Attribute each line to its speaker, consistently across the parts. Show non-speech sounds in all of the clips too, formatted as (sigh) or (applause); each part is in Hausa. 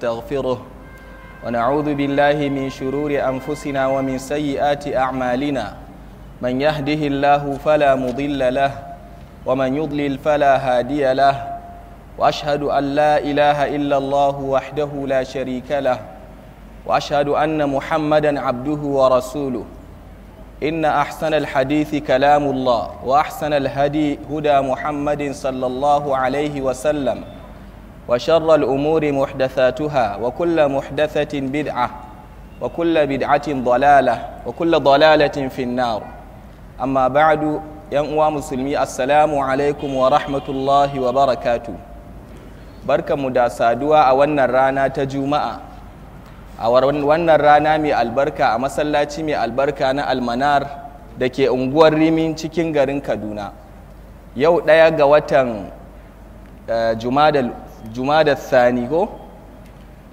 Speaker 1: نستغفره ونعوذ بالله من شرور أنفسنا ومن سيئات أعمالنا من يهده الله فلا مضل له ومن يضلل فلا هادي له وأشهد أن لا إله إلا الله وحده لا شريك له وأشهد أن محمدا عبده ورسوله إن أحسن الحديث كلام الله وأحسن الهدي هدى محمد صلى الله عليه وسلم وشر الأمور محدثاتها وكل محدثة بدعة وكل بدعة ضلالة وكل ضلالة في النار أما بعد ينقوى مسلمي السلام عليكم ورحمة الله وبركاته بركة مداسادوة أولنا رانا تجمع أولنا رانا مي البركة أمسلاتي مي البركة أنا المنار دكي أنقوى الرمين تكين غرين كدونا يو دايا غواتن جمادل jumada thani ko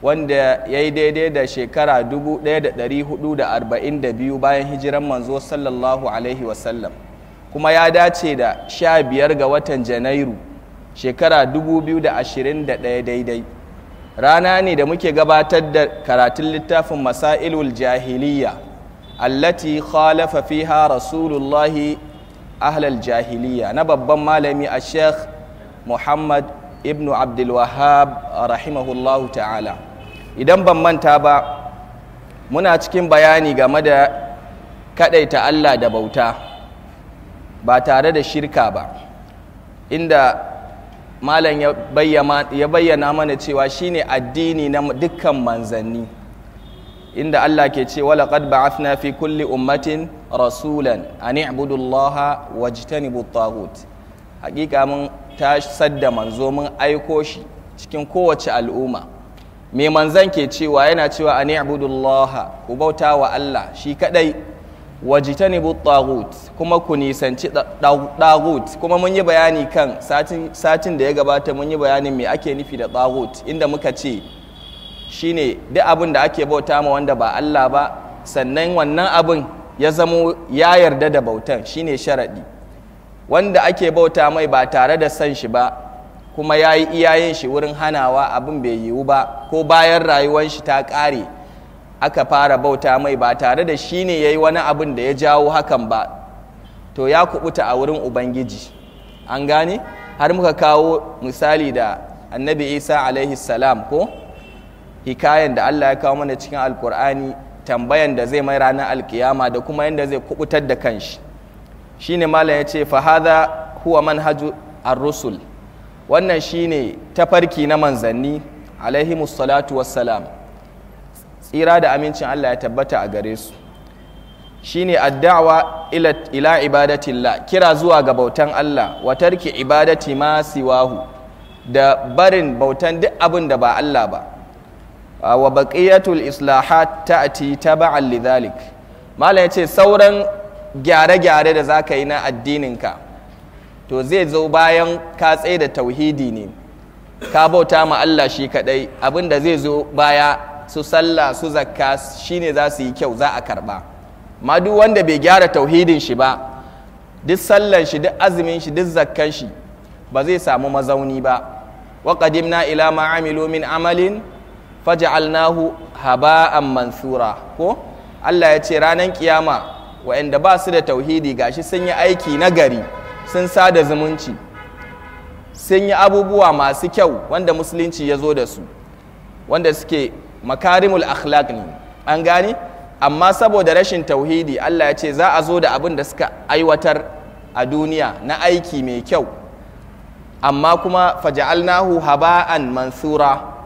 Speaker 1: wanda ya yi daidai da shekara 1442 bayan hijiran manzo sallallahu alaihi wasallam kuma ya dace da 15 ga watan janairu shekara 2021 daidai rana ne da muke gabatar da karatun littafin masailul jahiliya allati khalafa fiha rasulullahi ahlal jahiliya na babban malami a sheikh muhammad ibnu abdulwahab rahimahullahu ta'ala idan ban manta ba muna cikin bayani game da kadaita allah da bauta ba tare da shirka ba inda malam ya bayyana mana cewa shine addini na dukkan manzanni inda Allah ke ce wala qad ba'athna fi kulli ummatin rasulan an i'budu wajtanibu at hakika mun ta sadda manzo mun aiko shi cikin kowace al'umma me manzan ke cewa yana cewa a ni'budullah ku bauta wa Allah shi kadai wajitanibu tagut kuma ku nisanci tagut kuma mun yi bayani kan satin da ya gabata mun yi bayanin me ake nufi da tagut inda muka ce ne duk abin da ake bauta ma wanda ba Allah ba sannan wannan abin ya zamo ya yarda da bautan shine sharadi wanda ake bauta mai ba tare da san shi ba kuma ya yi iyayen shi wurin hanawa abin bai yiwu ba ko bayan rayuwar shi ta ƙare aka fara bauta mai ba tare da shi ne ya yi wani abin da ya jawo hakan ba to ya kubuta a wurin ubangiji an gane har muka kawo misali da annabi isa alaihi salam ko hikayen da allah ya kawo mana cikin alkur'ani tambayan da zai mai ranar alkiyama da kuma yadda zai kubutar da kanshi shine malam ya ce fahada huwa manhaju ar-rusul wannan shine tafarki na manzanni alaihi salatu wassalam tsira da amincin Allah ya tabbata a gare su shine addawa ila ila ibadatillah kira zuwa ga bautan Allah wa tarki ibadati ma siwahu da barin bautan duk abin da ba Allah ba wa baqiyatul islahat ta'ti tab'an lidhalik malam ce sauran gyare-gyare da za ka yi na addininka to zai zo bayan ka tsaye da tauhidi ne ka bauta ma Allah shi kadai abinda zai zo baya su sallah su zakka shi ne za su yi kyau za a karɓa. ma duk wanda bai gyara tauhidin shi ba duk sallan shi duk azumin shi duk zakkan shi ba zai samu mazauni ba wa qadimna ila ma amilu min amalin faj'alnahu haba'an mansura ko Allah ya ce ranar kiyama wa'anda ba su da tauhidi gashi sun yi aiki na gari sun sada zumunci sun yi abubuwa masu kyau wanda musulunci ya zo da su wanda suke makarimul akhlaq ne an gane amma saboda rashin tauhidi Allah ya ce za a zo da abin da suka aiwatar a duniya na aiki mai kyau amma kuma faja'alnahu haba'an mansura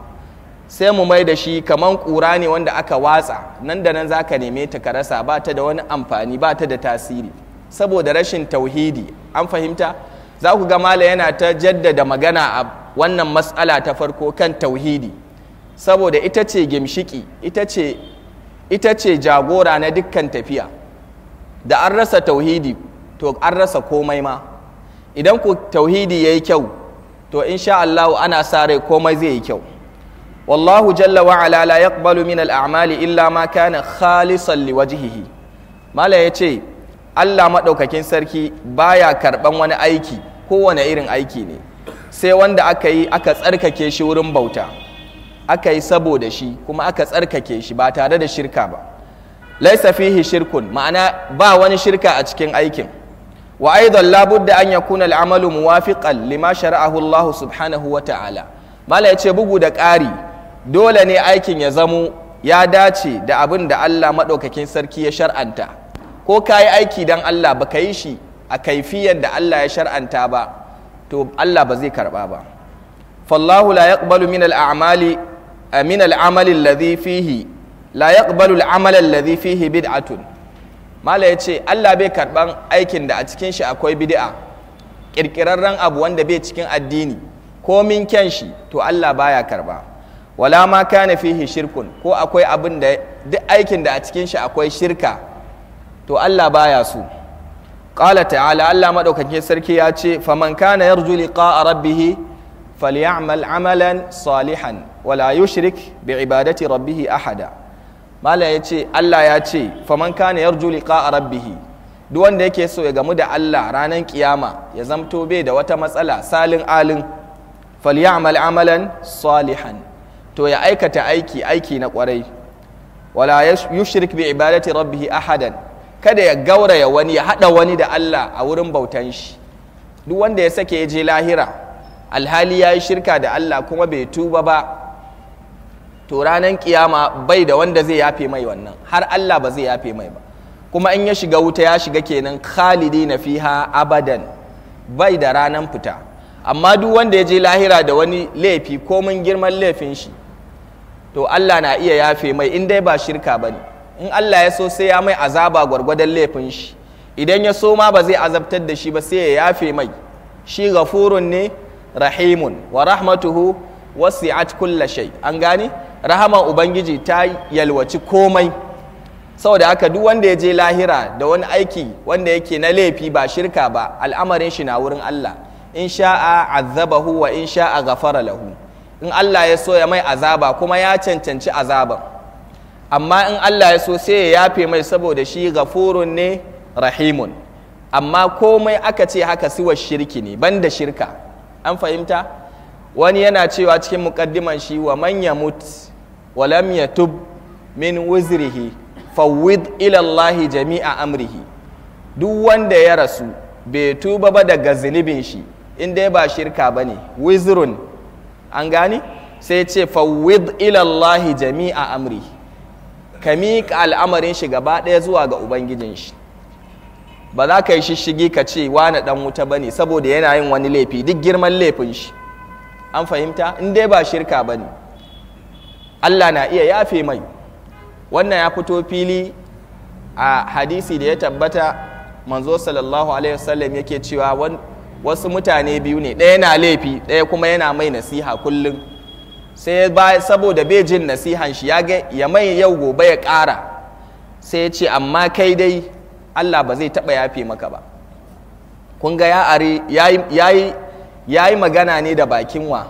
Speaker 1: sai mu mai da shi kamar ƙura ne wanda aka watsa nan da nan za ka neme ta ka rasa ba ta da wani amfani ba ta da tasiri saboda rashin tauhidi an fahimta za ku ga mala yana ta jaddada magana a wannan matsala ta farko kan tauhidi saboda ita ce gimshiki ita ce jagora na dukkan tafiya da an rasa tauhidi to an rasa komai ma idan ku tauhidi ya yi kyau to insha Allah ana sa rai komai zai yi kyau wallahu jalla wa ala la yaqbalu min al'amali illa ma kana khalisan liwajhihi mala yace Allah maɗaukakin sarki baya karɓan wani aiki kowane irin aiki ne sai wanda aka yi aka tsarkake shi wurin bauta aka yi saboda shi kuma aka tsarkake shi ba tare da shirka ba laisa fihi shirkun ma'ana ba wani shirka a cikin aikin wa aizan labudda an yakuna al'amalu muwafiƙan lima shara'ahu Allah subhanahu wa ta'ala mala yace bugu da ƙari dole ne aikin ya zamo ya dace da abin da Allah maɗaukakin sarki ya shar'anta ko ka yi aiki don Allah ba ka yi shi a kaifiyar da Allah ya shar'anta ba to Allah ba zai karɓa ba fallahu la yaqbalu min al'amali amali min al alladhi fihi la yaqbalu alladhi fihi bid'atun mala yace Allah bai karban aikin da a cikin shi akwai bid'a ƙirƙirarren abu wanda bai cikin addini ko min kyan shi to Allah baya karɓa. wala ma kana fihi shirkun ko akwai abin da duk aikin da a cikin shi akwai shirka to Allah baya su. qala ta'ala Allah madaukakin sarki ya ce faman kana yarju liqa'a rabbih falyamal amalan salihan wala yushrik bi ibadati rabbih ahada mala ya ce Allah ya ce faman kana yarju liqa'a rabbih duk wanda yake so ya gamu da Allah ranar kiyama ya zamto bai da wata matsala salin alin falyamal amalan salihan to ya aikata aiki aiki na kwarai wala yushrik bi ibadati rabbihi ahadan kada ya gauraya wani ya hada wani da Allah a wurin bautan shi duk wanda ya sake yaje je lahira alhali ya yi shirka da Allah kuma bai tuba ba to ranar kiyama bai da wanda zai yafe mai wannan har Allah ba zai yafe mai ba kuma in ya shiga wuta ya shiga kenan khalidi na fiha abadan bai da ranan fita amma duk wanda ya je lahira da wani laifi ko mun girman laifin shi to Allah na iya yafe mai in dai ba shirka ne in Allah ya so sai ya mai azaba gwargwadon laifin shi idan ya so ma ba zai azabtar da shi ba sai ya yafe mai shi gafurun ne rahimun wa rahmatuhu wasi'at kulla shay an gane rahaman ubangiji ta yalwaci komai saboda haka duk wanda ya je lahira da wani aiki wanda yake na laifi ba shirka ba al'amarin shi na wurin Allah in sha'a azzabahu wa in sha'a ghafara lahu in Allah ya so ya mai azaba kuma ya cancanci azaban amma in Allah ya so sai ya yafe mai saboda shi gafurun ne rahimun amma komai aka ce haka siwa shirki ne banda shirka an fahimta wani yana cewa cikin mukaddiman shi wa manya yamut wa lam yatub min wuzrihi fawwid ila Allah jami'a amrihi duk wanda ya rasu bai tuba ba daga zunubin shi in dai ba shirka bane wizrun an gani sai ce fawwid ilallahi jami'a amri ka miƙa al'amarin shi gaba ɗaya zuwa ga ubangijin shi ba za ka yi shishigi ka ce wani ɗan wuta ba ne saboda yana yin wani laifi duk girman laifin shi an fahimta in dai ba shirka ba ne allah na iya yafe mai wannan ya fito fili a hadisi da ya tabbata manzo sallallahu alaihi wasallam yake cewa wasu mutane biyu ne ɗaya na laifi ɗaya kuma yana mai nasiha kullum sai ba saboda bai jin nasihan shi ya ga ya mai yau gobe ya ƙara sai ya ce amma kai dai Allah ba zai taɓa yafe maka ba kun ga ya yi magana ne da bakin wa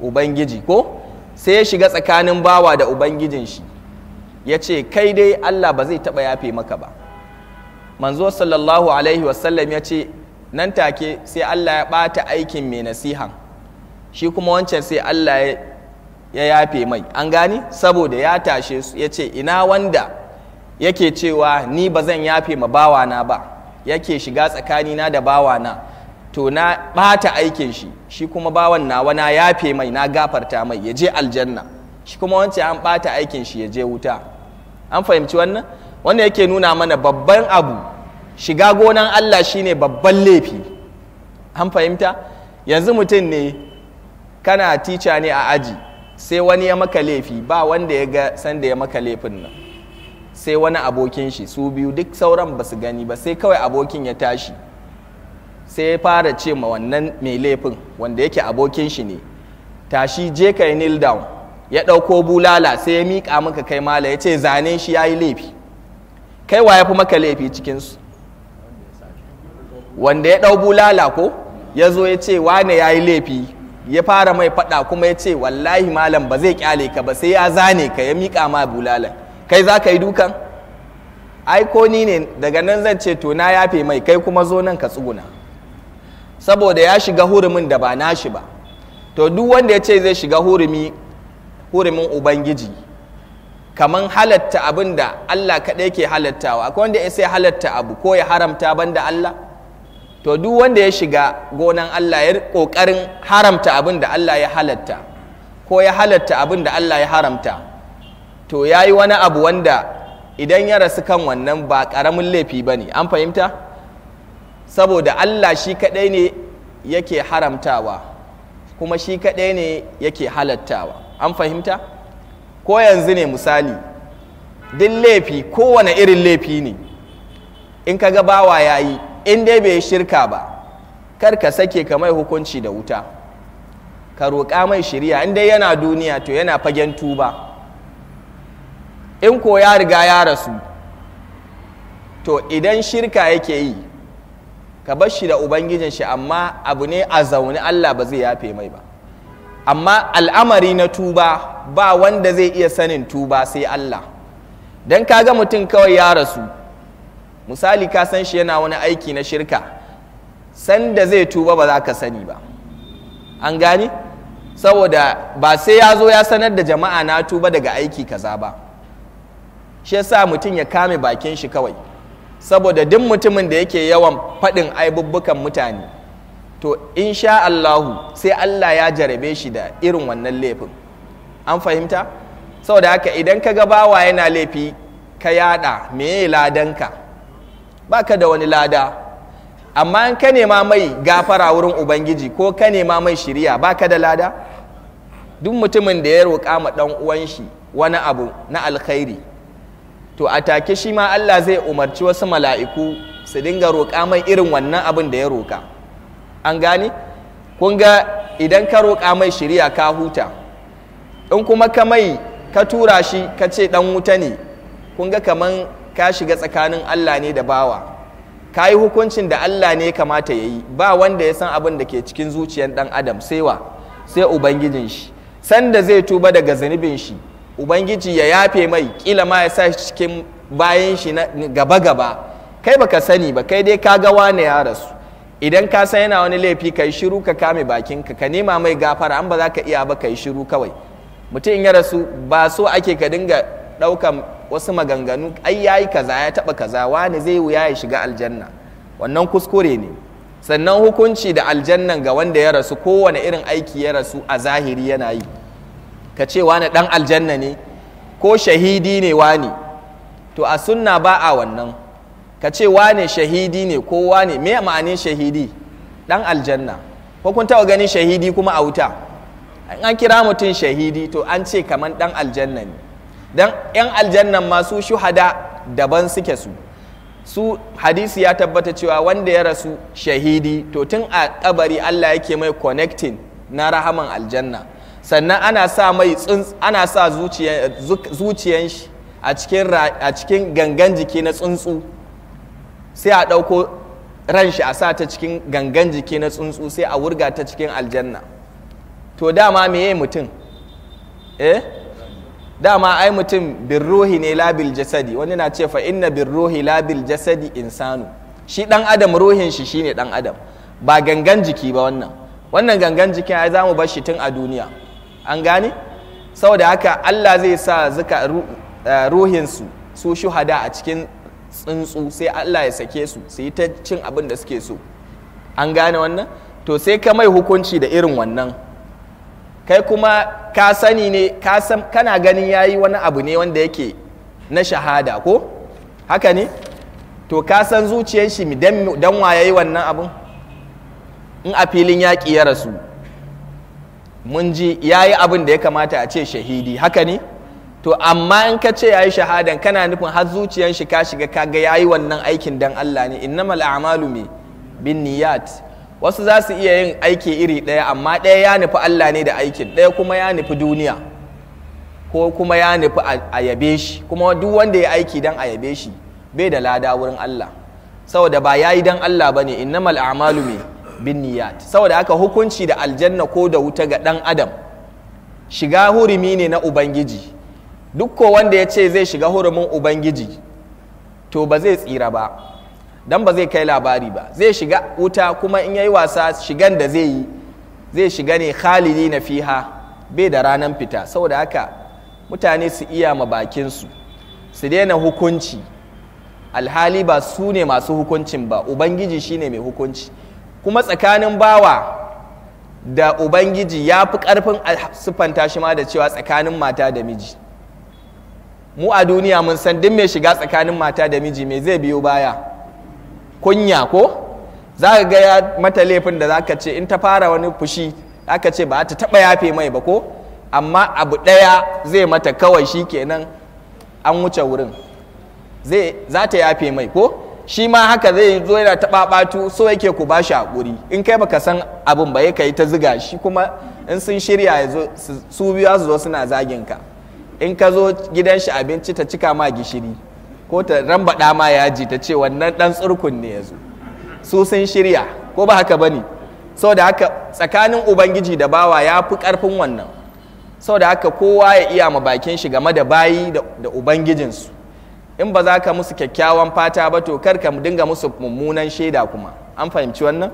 Speaker 1: ubangiji ko sai ya shiga tsakanin bawa da ubangijin shi ya ce kai dai Allah ba zai taɓa yafe maka ba manzo sallallahu alaihi wasallam ya ce nan take sai Allah ya bata aikin mai nasiha shi kuma wancan sai Allah ya yafe mai an gani saboda ya tashe su ya ce ina wanda yake cewa ni ba zan yafe ma bawana ba yake shiga tsakanina da bawana to na ɓata aikin shi shi kuma bawan nawa na yafe mai na gafarta mai ya je aljanna shi kuma wancan an ɓata aikin shi ya je wuta an fahimci wannan wanda yake nuna mana babban abu shiga gonan Allah shine babban laifi an fahimta yanzu mutum ne kana tica ne a aji sai wani ya maka laifi ba wanda ya ga sanda ya maka laifin nan sai wani abokin shi su biyu duk sauran ba su gani ba sai kawai abokin ya tashi sai ya fara ce ma wannan mai laifin wanda yake abokin shi ne tashi je ka yi kneel down ya ɗauko bulala sai ya miƙa maka kai mala ya ce zane shi ya yi laifi kai wa ya fi maka laifi cikinsu wanda ya ɗau bulala ko ya zo ya ce wane ya yi laifi ya fara mai faɗa kuma ya ce wallahi malam ba zai kyale ka ba sai ya zane ka ya miƙa ma bulala kai za ka yi dukan ai ko ni ne daga nan zan ce to na yafe mai kai kuma zo nan ka tsuguna saboda ya shiga hurumin da ba nashi ba to duk wanda ya ce zai shiga hurumi hurumin ubangiji kaman halatta abin da Allah kaɗai ke halattawa akwai wanda ya sai halatta abu ko ya haramta banda Allah to duk wanda ya shiga gonan Allah ya kokarin haramta abin da Allah ya halatta ko ya halatta abin da Allah ya haramta to ya yi wani abu wanda idan ya rasu kan wannan ba ƙaramin laifi ba ne an fahimta saboda Allah shi kaɗai ne yake haramtawa kuma shi kaɗai ne yake halattawa an fahimta ko yanzu ne misali Din laifi kowane irin laifi ne in ka ga bawa ya yi in dai bai shirka ba kar ka sake ka mai hukunci da wuta ka roƙa mai shirya in dai yana duniya to yana fagen tuba in ko ya riga ya rasu to idan shirka yake yi ka bar shi da ubangijin shi amma abu ne a zaune Allah ba zai yafe mai ba amma al'amari na tuba ba wanda zai iya sanin tuba sai Allah don kaga mutum kawai ya rasu misali ka san shi yana wani aiki na shirka sanda zai tuba ba za ka sani ba an gani saboda ba sai ya zo ya sanar da jama'a na tuba daga aiki kaza ba shi yasa mutum ya kame bakin shi kawai saboda duk mutumin da yake yawan faɗin aibubbukan mutane to insha Allahu sai Allah ya jarabe shi da irin wannan laifin an fahimta saboda haka idan ka ga bawa yana laifi ka yada meye ladanka baka da wani lada amma in ka nema mai gafara wurin ubangiji ko ka nema mai shiriya baka da lada duk mutumin da ya roƙa ma ɗan uwan shi wani abu na alkhairi to a take shi ma Allah zai umarci wasu mala'iku su dinga roƙa mai irin wannan abin da ya roƙa an gane kun ga idan ka roƙa mai shiriya ka huta in kuma ka mai ka tura shi ka ce ɗan wuta ne kun ga kaman ka shiga tsakanin Allah ne da bawa ka yi hukuncin da Allah ne kamata ya yi ba wanda ya san abin da ke cikin zuciyar ɗan adam sai sai ubangijin shi sanda zai tuba daga zunubin shi ubangiji ya yafe mai kila ma ya sa shi cikin bayan shi na gaba gaba kai baka sani ba kai dai ka ga wane ya rasu idan ka san yana wani laifi kai shiru ka kame bakinka ka nema mai gafara an ba za ka iya ba kai shiru kawai mutum ya rasu ba so ake ka dinga ɗaukan wasu maganganu ai yayi kaza ya taɓa kaza wani zai wuya ya shiga aljanna wannan kuskure ne sannan hukunci da aljannan ga wanda ya rasu kowane irin aiki ya rasu a zahiri yana yi ka ce wani ɗan aljanna ne ko shahidi ne wani to a sunna ba a wannan ka ce wani shahidi ne ko wani me ma'anin shahidi ɗan aljanna ko kun taɓa ganin shahidi kuma a wuta an kira mutum shahidi to an ce kamar ɗan aljanna ne dan yan aljanna masu shuhada daban suke su su hadisi ya tabbata cewa wanda ya rasu shahidi to tun a kabari Allah yake mai connecting na rahaman aljanna sannan ana sa mai ana sa zuciyan shi a cikin a cikin gangan jiki na tsuntsu sai a ɗauko ran shi a sa ta cikin gangan jiki na tsuntsu sai a wurga ta cikin aljanna to dama meye mutum eh dama ai mutum birruhi ne labil jasadi wani na ce fa inna birruhi labil jasadi insanu shi dan adam ruhin shi shine dan adam ba gangan jiki ba wannan wannan gangan jikin ai zamu bar shi tun a duniya an gane saboda haka Allah zai sa zuka eh, ruhin su su shuhada a cikin tsuntsu sai Allah ya sake su su yi ta cin abin da suke so an gane wannan to sai ka mai hukunci da irin wannan kai kuma ka sani ne kana ganin ya yi wani abu ne wanda yake na shahada ko haka ne to ka san zuciyar shi don wa ya yi wannan abun in a filin yaƙi ya rasu mun ji ya yi abin da ya kamata a ce shahidi haka ne to amma in ka ce ya yayi shahadan kana nufin har zuciyar shi ka shiga kaga yi wannan aikin don Allah ne innamal a'malu bin niyat wasu za su iya yin aiki iri ɗaya amma ɗaya ya nufi Allah ne da aikin ɗaya kuma ya nufi duniya ko kuma ya nufi a yabe shi kuma duk wanda ya aiki don a yabe shi bai da lada wurin Allah saboda ba ya yi don Allah ba ne innamal a'malu me bin niyat saboda haka hukunci da aljanna ko da wuta ga ɗan adam shiga hurumi ne na ubangiji duk ko wanda ya ce zai shiga hurumin ubangiji to ba zai tsira ba dan ba zai kai labari ba zai shiga wuta kuma in yayi wasa shigan da zai yi zai shiga ne khalili na fiha bai da ranan fita saboda haka mutane su iya ma bakin su su daina hukunci alhali ba su ne masu hukuncin ba ubangiji shine mai hukunci kuma tsakanin bawa da ubangiji ya fi karfin siffanta shi ma da cewa tsakanin mata da miji mu a duniya mun san duk mai shiga tsakanin mata da miji me zai biyo baya kunya ko za ka ga ya mata laifin da zaka ce in ta fara wani fushi zaka ce ba ta taba yafe mai ba ko amma abu ɗaya zai mata kawai shi kenan an wuce wurin za ta yafe mai ko shi ma haka zai zo yana taba batu so yake ku ba shi haƙuri in kai baka san abin ba ka yi ta ziga shi kuma in sun shirya su biya su zo suna zagin ka in ka zo gidan shi abinci ta cika ma gishiri ko ta rambaɗa ma ji ta ce wannan ɗan tsurkun ne yanzu su sun shirya ko ba haka bane da haka tsakanin ubangiji da bawa ya fi ƙarfin wannan Sau da haka kowa ya iya ma bakin shi game da bayi da ubangijinsu in ba za ka musu kyakkyawan fata ba to kar ka dinga musu mummunan shaida kuma an fahimci wannan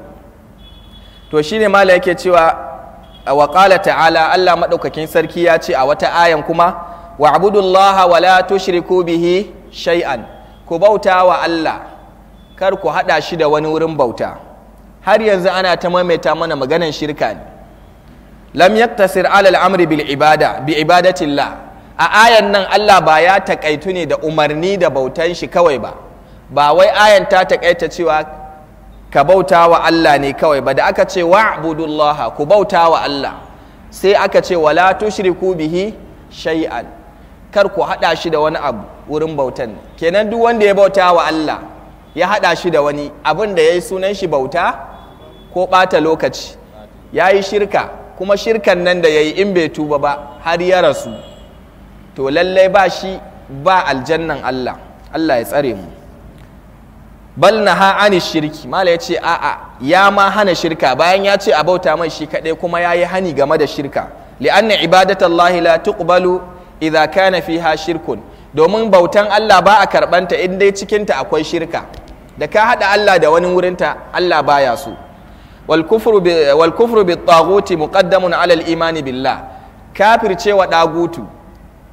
Speaker 1: to shine mala yake cewa a waƙala ta'ala Allah maɗaukakin sarki ya ce a wata ayan kuma wa'budullaha wala la tushriku bihi shay'an ku bauta wa Allah kar ku hada shi da wani wurin bauta har yanzu ana ta maimaita mana maganan shirka ne lam yaktasir alal amri bil ibada bi ibadatillah a ayan nan Allah ba ya takaitu ne da umarni da bautan shi kawai ba ba wai ayan ta takaita cewa ka bauta wa Allah ne kawai ba da aka ce wa'budullaha ku bauta wa Allah sai aka ce wala tushriku bihi shay'an kar ku haɗa shi da wani abu wurin bautan kenan duk wanda ya bauta wa Allah ya haɗa shi da wani abin da ya yi sunan shi bauta ko ɓata lokaci ya yi shirka kuma shirkan nan da ya yi in bai tuba ba har ya rasu to lallai ba shi ba aljannan Allah Allah ya tsare mu bal na ani shirki mala ya ce a'a ya ma hana shirka bayan ya ce a bauta mai shi kaɗai kuma ya yi hani game da shirka li'anna ibadatallahi la tuqbalu idza kana fiha shirkun domin bautan Allah ba a karbanta in dai cikinta akwai shirka da ka hada Allah da wani wurinta Allah baya so wal kufru bi wal kufru bi taghuti muqaddamun ala al imani billah kafircewa dagutu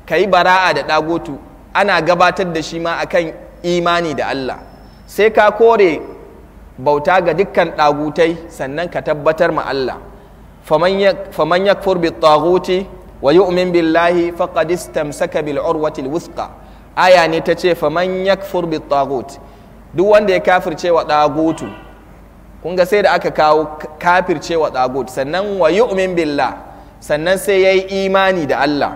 Speaker 1: kai bara'a da dagutu ana gabatar da shi ma akan imani da Allah sai ka kore bauta ga dukkan dagutai sannan ka tabbatar ma Allah faman yakfur bi taghuti wa umin billahi faƙadistan saka bil urwati wuthqa aya ne ta ce faman yakfur bit tagut duk wanda ya kafirce wa dagutu kun ga sai da aka kawo kafirce wa dagut sannan wa umin billah sannan sai yayi imani da Allah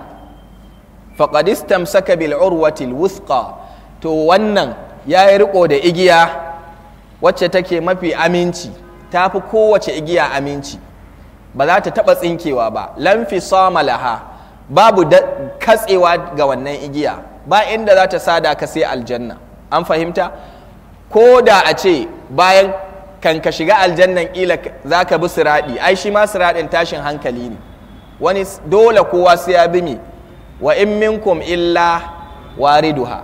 Speaker 1: Faƙadistan saka bil urwati wuthqa to wannan yayi riko da igiya wacce take mafi aminci tafi kowace igiya aminci ba za ta taɓa tsinkewa ba lamfi sama laha babu katsewa ga wannan igiya ba inda za ta sada ka sai aljanna an fahimta ko da a ce bayan kan ka shiga aljannan kila za ka bi siraɗi ai shi ma siraɗin tashin hankali ne wani dole kowa sai ya bi mi wa in minkum illa wariduha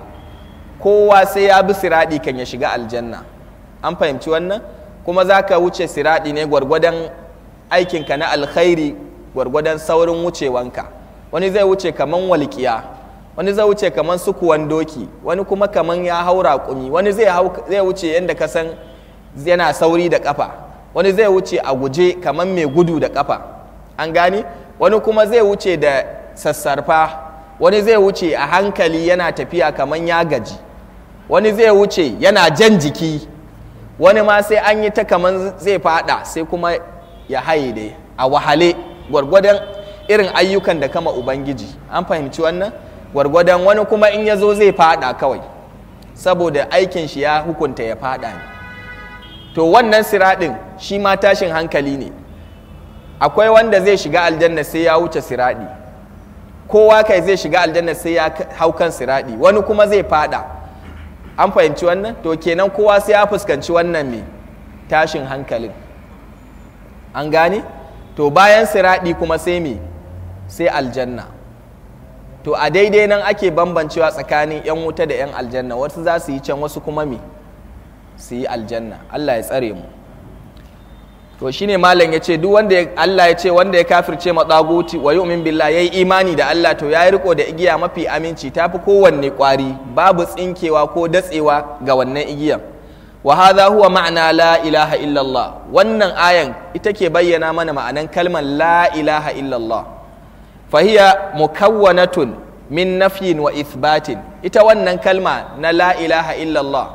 Speaker 1: kowa sai ya bi siraɗi kan ya shiga aljanna an fahimci wannan kuma za ka wuce siraɗi ne gwargwadon aikinka na alkhairi gwargwadon saurin wucewanka wani zai wuce kaman walƙiya wani zai wuce kaman sukuwan doki wani kuma kaman ya haura raƙumi wani zai wuce yadda ka san yana sauri da kafa wani zai wuce a guje kaman mai gudu da kafa an gani wani kuma zai wuce da sassarfa wani zai wuce a hankali yana tafiya kaman ya gaji wani zai wuce yana jan jiki wani ma sai an yi ta kaman zai fada sai kuma ya haide a wahale gwargwadon irin ayyukan da kama ubangiji an fahimci wannan gwargwadon wani kuma in ya zo zai fada kawai saboda aikin shi ya hukunta ya fada ne to wannan siraɗin shi ma tashin hankali ne akwai wanda zai shiga aljanna sai ya wuce siraɗi kowa kai zai shiga aljanna sai ya hau kan siraɗi wani kuma zai fada an fahimci wannan to kenan kowa sai ya fuskanci wannan mai tashin hankalin an gane to bayan siraɗi kuma sai me sai aljanna to a daidai nan ake bambancewa tsakanin 'yan wuta da 'yan aljanna wasu za su yi can wasu kuma me su yi aljanna Allah ya tsare mu to shine malam ya ce duk wanda Allah ya ce wanda ya kafirce matsaguti wa yu'min billah yayi imani da Allah to yayi riko da igiya mafi aminci tafi kowanne kwari babu tsinkewa ko datsewa ga wannan igiyan wa hadha huwa ma'ana la ilaha illallah wannan ayan ita ke bayyana mana ma'anan kalmar la ilaha illallah fahiya mukawwanatun min nafyin wa ithbatin ita wannan kalma na la ilaha illallah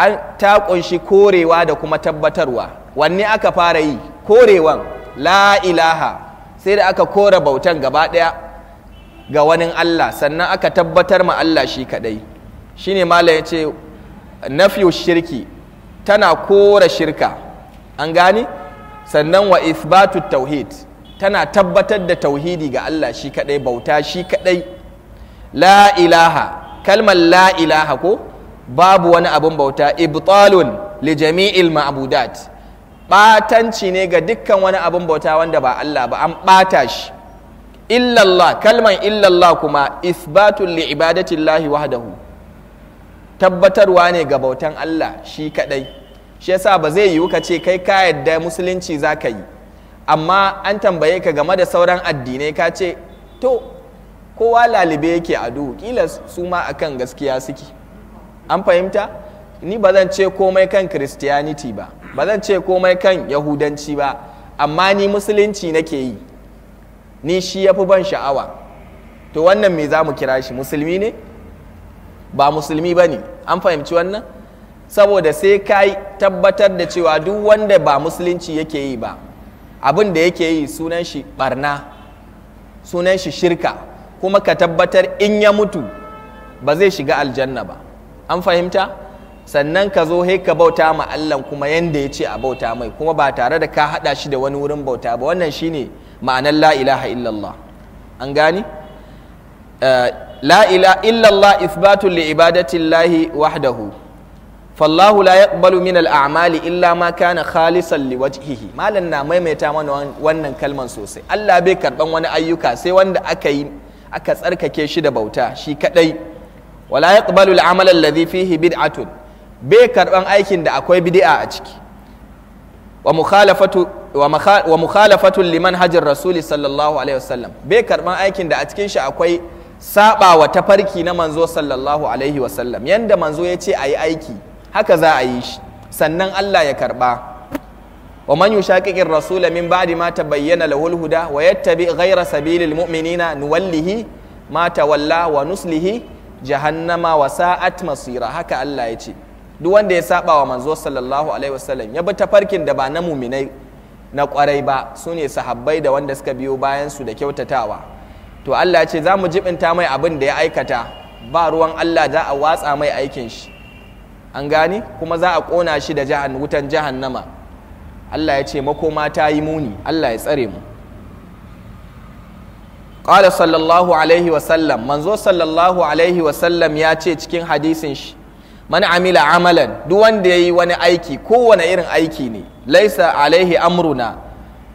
Speaker 1: an ta kunshi korewa da kuma tabbatarwa wanne aka fara yi korewan la ilaha sai da aka kora bautan gaba daya ga wani Allah sannan aka tabbatar ma Allah shi kadai shine malam yace. Nafi'u shirki tana kora shirka an gani sannan wa isbatu tauhid tana tabbatar da tauhidi ga Allah shi kadai bauta shi kadai la ilaha kalmar la ilaha ko babu wani abin bauta ibtalun li jami'il ma'budat batanci ne ga dukkan wani abin bauta wanda ba Allah ba an bata shi illallah kalman illallah kuma ithbatun li ibadatillahi wahdahu tabbatarwa ne ga bautan Allah shi kadai shi yasa ba zai yiwu ka ce kai ka yadda musulunci za ka yi amma an tambaye ka game da sauran addinai ka ce to kowa lalibe yake a duhu kila su ma akan gaskiya suke an fahimta ni ba zan ce komai kan christianity ba ba zan ce komai kan yahudanci ba amma ni musulunci nake yi ni shi ya fi ban sha'awa to wannan me za mu kira shi musulmi ne ba musulmi ba ne an fahimci wannan saboda sai ka tabbatar da cewa duk wanda ba musulunci yake yi ba abin da yake yi sunan shi barna sunan shi shirka kuma ka tabbatar in ya mutu ba zai shiga aljanna ba an fahimta sannan ka zo ka bauta ma Allah kuma yanda ya ce a bauta mai kuma ba tare da ka haɗa shi da wani wurin bauta ba wannan shine ma'anar la ilaha illallah an gani eh, la ila illallah isbatun li ibadatillahi wahdahu fallahu la yaqbalu min al'amali illa ma kana khalisan li wajhihi na maimaita mana wannan kalman sosai Allah bai karban wani ayyuka sai wanda aka yi aka tsarkake shi da bauta shi kaɗai. wala yaqbalu al'amala alladhi fihi bid'atun bai karban aikin da akwai bid'a a ciki wa mukhalafatu wa mukhalafatu liman hajjar rasuli sallallahu alaihi wasallam bai karban aikin da a cikin shi akwai saba wa tafarki na manzo sallallahu alaihi wasallam yanda manzo ya ce a yi aiki haka za a yi shi sannan Allah ya karba wa man yushaqiqir rasula min ba'di ma tabayyana lahul huda wa yattabi ghayra sabilil mu'minina nuwallihi ma tawalla wa nuslihi jahannama wa sa'at masira haka Allah ya ce duk wanda ya saba wa manzo sallallahu alaihi wasallam ya bi tafarkin da ba na muminai na kwarai ba sune sahabbai da wanda suka biyo bayan su da kyautatawa to Allah ce za mu jibinta mai abin da ya aikata ba ruwan Allah za a watsa mai aikin shi an gani kuma za a ƙona shi da jahan wutan jahannama Allah ya ce makoma ta yi muni Allah ya tsare mu ƙala sallallahu alaihi wasallam manzo sallallahu alaihi wasallam ya ce cikin hadisin shi man amila amalan duk wanda ya yi wani aiki kowane irin aiki ne laisa alaihi amruna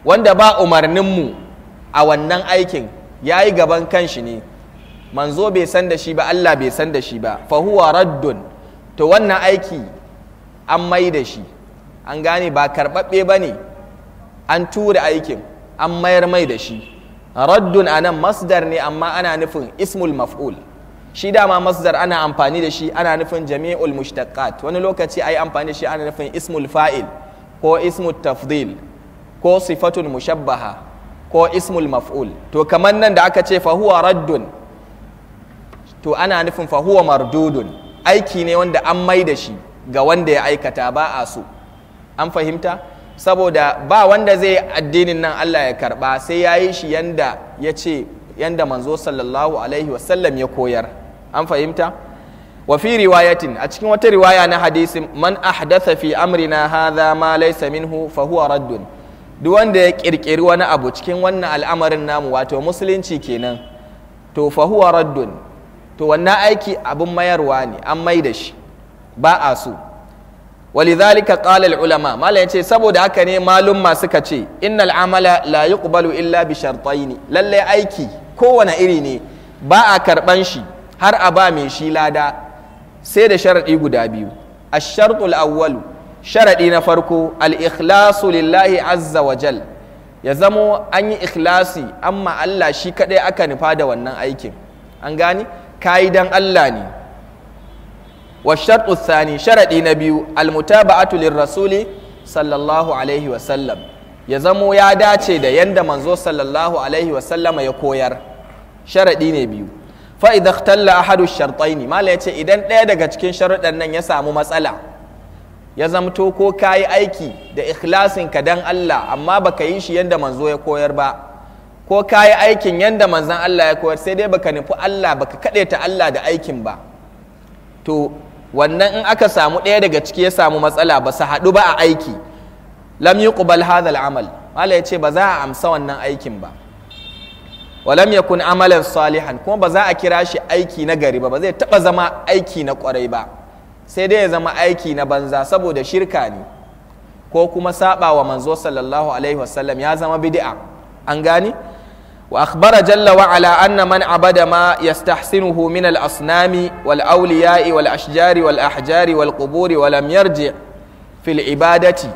Speaker 1: wanda ba umarninmu a wannan aikin ya yi gaban shi ne manzo bai san da shi ba Allah bai san da shi ba fahuwa raddun to wannan aiki an mai da shi an gane ba karɓaɓɓe ba ne an tura aikin an mayar mai da shi raddun a nan masdar ne amma ana nufin ismul maf'ul shi dama masdar ana amfani da shi ana nufin jami'ul mushtaqat wani lokaci ayi amfani da shi ana nufin ismul fa'il ko ismul tafdil ko sifatun mushabbaha ko ismul maf'ul to kamar nan da aka ce fahuwa raddun to ana nufin fahuwa mardudun aiki ne wanda an mai da shi ga wanda ya aikata ba a so an fahimta saboda ba wanda zai addinin nan Allah ya karba sai ya yi shi yanda ya ce yanda manzo sallallahu alaihi wasallam ya koyar an fahimta wa fi riwayatin a cikin wata riwaya na hadisin man ahdatha fi amrina hadha ma laysa minhu fa huwa raddun duk wanda ya kirkiri wani abu cikin wannan al'amarin namu wato musulunci kenan to fahuwa raddun to wannan aiki abin mayarwa ne an mai da shi ba a so walidhalika qala ulama ya ce saboda haka ne malumma suka ce innal amala la yuqbalu illa bi ne lalle aiki kowane iri ne ba a karɓan shi har a ba mai shi lada sai da sharadi guda biyu ash-shartul awwalu sharaɗi na farko al-ikhlasu lillahi azza wa jal ya zamo an yi ikhlasi amma Allah shi kaɗai aka nufa da wannan aikin an gani kayi dan Allah ne wa sharɗu sharaɗi na biyu al lirrasuli sallallahu alaihi wa sallam ya zamo ya dace da yanda manzo sallallahu alaihi wa ya koyar sharaɗi ne biyu fa idza ikhtalla ahadu ash-shartayn mala idan ɗaya daga cikin sharuɗan nan ya samu matsala ya zamto ko ka yi aiki da ikhlasin ka dan Allah amma baka yi shi yadda manzo ya koyar ba ko ka yi aikin yadda manzon Allah ya koyar sai dai baka nufi Allah baka kaɗe ta Allah da aikin ba to wannan in aka samu ɗaya daga ciki ya samu matsala ba su haɗu ba a aiki lam yi ƙubal hadal amal Allah ya ce ba za a amsa wannan aikin ba walam yakun amalan salihan kuma ba za a kira shi aiki na gari ba ba zai taɓa zama aiki na ƙwarai ba sai dai ya zama aiki na banza saboda shirka ne ko kuma saba wa manzo sallallahu alaihi wasallam ya zama bid'a an gani wa akhbara jalla wa ala anna man abada ma yastahsinuhu min al asnami wal awliya'i wal ashjari wal ahjari wal quburi wa lam yarji fil ibadati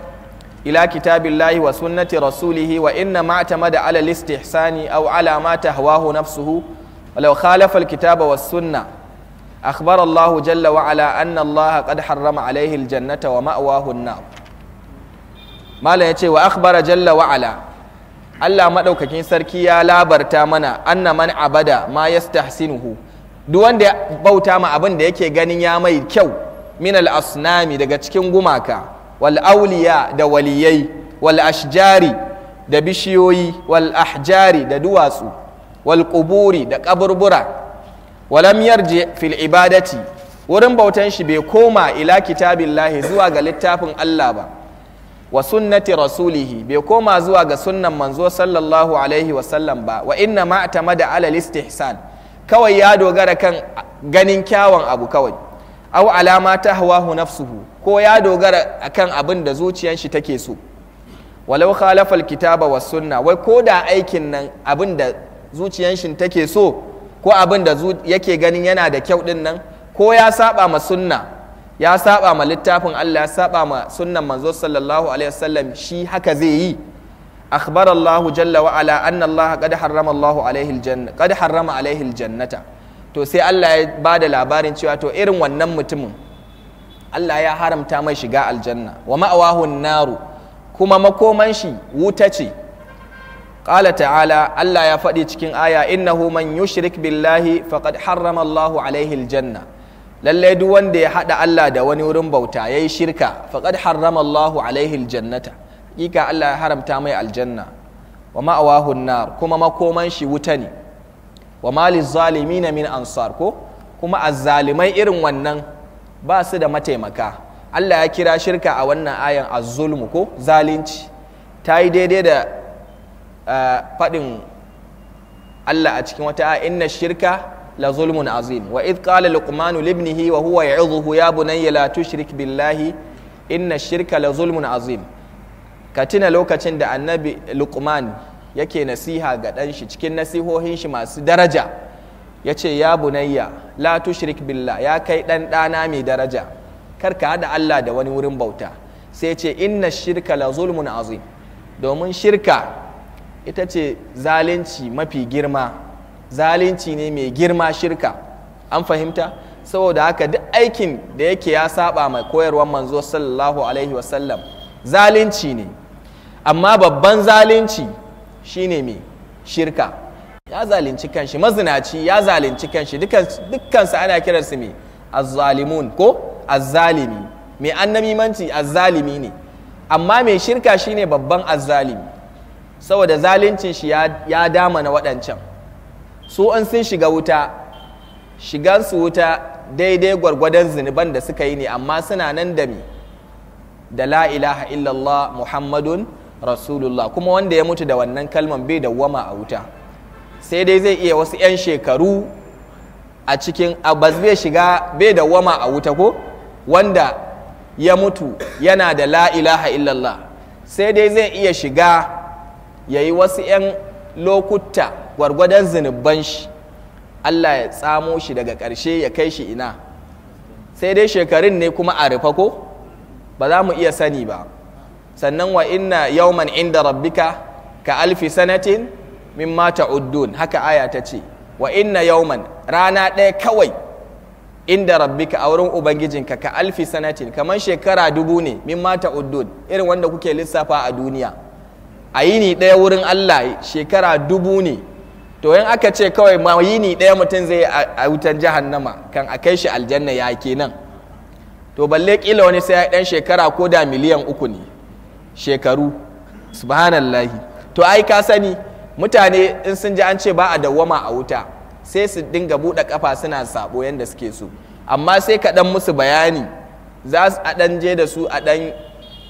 Speaker 1: ila kitabillahi wa sunnati rasulihi wa inna ma tamada ala al istihsani aw ala ma tahwahu nafsuhu walau khalafa al kitaba was أخبر الله جل وعلا أن الله قد حرم عليه الجنة ومأواه النار ما لا يتي وأخبر جل وعلا Allah maɗaukakin sarki ya labarta mana anna man abada ma yastahsinuhu duk wanda bauta ma abin da yake ganin ya mai kyau min al daga cikin gumaka wal auliya da waliyai wal ashjari da bishiyoyi wal ahjari da duwatsu wal quburi da kaburbura walam yarji fil ibadati wurin bautan shi bai koma ila kitabillahi zuwa ga littafin Allah ba wa sunnati rasulihi bai koma zuwa ga sunnan manzo sallallahu alaihi sallam ba wa inna ma tamada ala istihsan kawai ya dogara kan ganin kyawun abu kawai au alama ta hu nafsuhu ko ya dogara akan abin da zuciyar shi take so walau khalafa kitaba wa sunna wai ko da aikin nan abin da zuciyar shi take so ko abin da yake ganin yana da kyau din nan ko ya saba ma sunna ya saba ma littafin Allah ya saba ma sunnan manzo sallallahu alaihi wasallam shi haka zai yi akhbar Allah jalla wa ala anna Allah qad harrama Allah alaihi aljanna qad harrama alaihi aljannata to sai Allah ya ba da labarin cewa to irin wannan mutumin Allah ya haramta mai shiga aljanna wa ma'awahu naru kuma makoman shi wuta ce Ƙala ta'ala Allah ya faɗi cikin aya hu man yushrik billahi faqad harrama Allahu alaihi aljanna lallai duk wanda ya haɗa Allah da wani wurin bauta yayi shirka faqad harrama Allahu alaihi aljannata hakika Allah ya haramta mai aljanna wa ma'awahu na kuma makoman shi wuta ne wa zalimi na min ansar ko kuma zalimai irin wannan ba su da mataimaka Allah ya kira shirka a wannan ayan a zulmu ko zalunci ta yi daidai da faɗin Allah a cikin wata inna shirka la zulmun azim wa idh qala luqman libnihi wa huwa ya'idhuhu ya bunayya la tushrik billahi inna shirka la zulmun azim ka lokacin da annabi luqman yake nasiha ga ɗan shi cikin nasihohin shi masu daraja yace ce ya bunayya la tushrik billah ya kai ɗan ɗana mai daraja kar ka haɗa Allah da wani wurin bauta sai yace inna shirka la zulmun azim domin shirka ita ce zalunci mafi girma zalunci ne mai girma shirka an fahimta saboda haka duk aikin da yake ya saba mai koyarwar manzo sallallahu alaihi wasallam zalunci ne amma babban zalunci shine mai shirka ya zalunci kanshi mazinaci ya zalunci kanshi dukkansu ana kiransu mai azzalimun ko azzalimi mai annamimanci azzalimi ne amma mai shirka shine babban azzalimi saboda zaluncin shi ya dama na waɗancan su an sun shiga wuta shigansu wuta daidai gwargwadon zunuban da suka yi ne amma suna nan da mi da la ilaha illallah muhammadun rasulullah kuma wanda ya mutu da wannan kalman bai dawwama a wuta sai dai zai iya wasu 'yan shekaru a cikin abas bai shiga bai dawwama a wuta ko wanda ya mutu yana da la ilaha illallah sai dai zai iya shiga ya yi wasu 'yan lokuta gwargwadon zunuban shi Allah ya tsamo shi daga ƙarshe ya kai shi ina sai dai shekarun ne kuma a rufa ko ba za mu iya sani ba sannan wa inna yawman inda rabbika ka alfi sanatin min mata uddun. haka aya ta ce wa inna yawman rana ɗaya kawai inda rabbika a wurin ubangijinka ka alfi sanatin kamar shekara dubu ne min mata uddun. irin wanda kuke lissafa a duniya a yini ɗaya wurin Allah shekara dubu ne to in aka ce kawai ma yini ɗaya mutum zai a wutan nama kan a kai shi aljanna ya kenan to balle kila wani sai ɗan shekara ko da miliyan uku ne shekaru subhanallahi to ai ka sani mutane in sun ji an ce ba a dawwama a wuta sai su dinga buɗe kafa suna sabo yadda suke so amma sai ka ɗan musu bayani za su a ɗan je da su a ɗan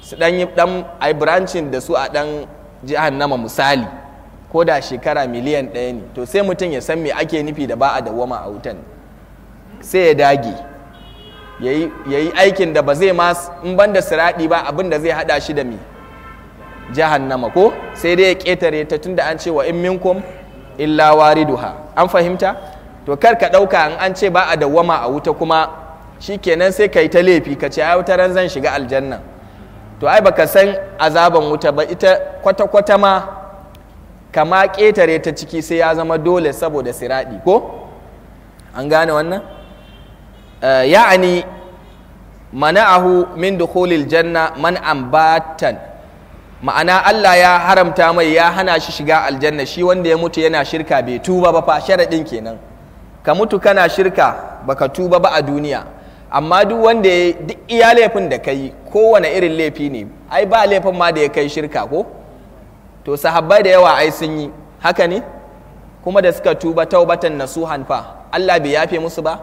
Speaker 1: su ɗan yi ɗan ai branching da su a ɗan nama misali ko da shekara miliyan ɗaya ne to sai mutum ya san me ake nufi da ba a dawwama a wutan sai ya dage ya yi aikin da ba zai ma in ban da siraɗi ba abin da zai haɗa shi da mi jahannama ko sai dai ya ƙetare ta tunda an ce wa in minkum illa wariduha an fahimta to kar ka ɗauka in an ce ba a dawwama a wuta kuma shi kenan sai ka yi ta laifi ka ce ai wutar zan shiga aljanna to ai baka san azaban wuta ba ita kwata-kwata ma kama ƙetare ta ciki sai ya zama dole saboda siraɗi ko an gane wannan eh, ya'ani mana'ahu min dukhulil janna man ambatan ma'ana Allah ya haramta mai ya hana shi shiga aljanna shi wanda ya mutu yana shirka bai tuba ba fa sharaɗin kenan ka mutu kana shirka baka tuba ba a duniya amma duk wanda ya duk iya laifin da ka yi kowane irin laifi ne ai ba laifin ma da ya kai shirka ko to sahabbai da yawa ai sun yi haka ne kuma da suka tuba taubatan nasuhan fa Allah bai yafe musu ba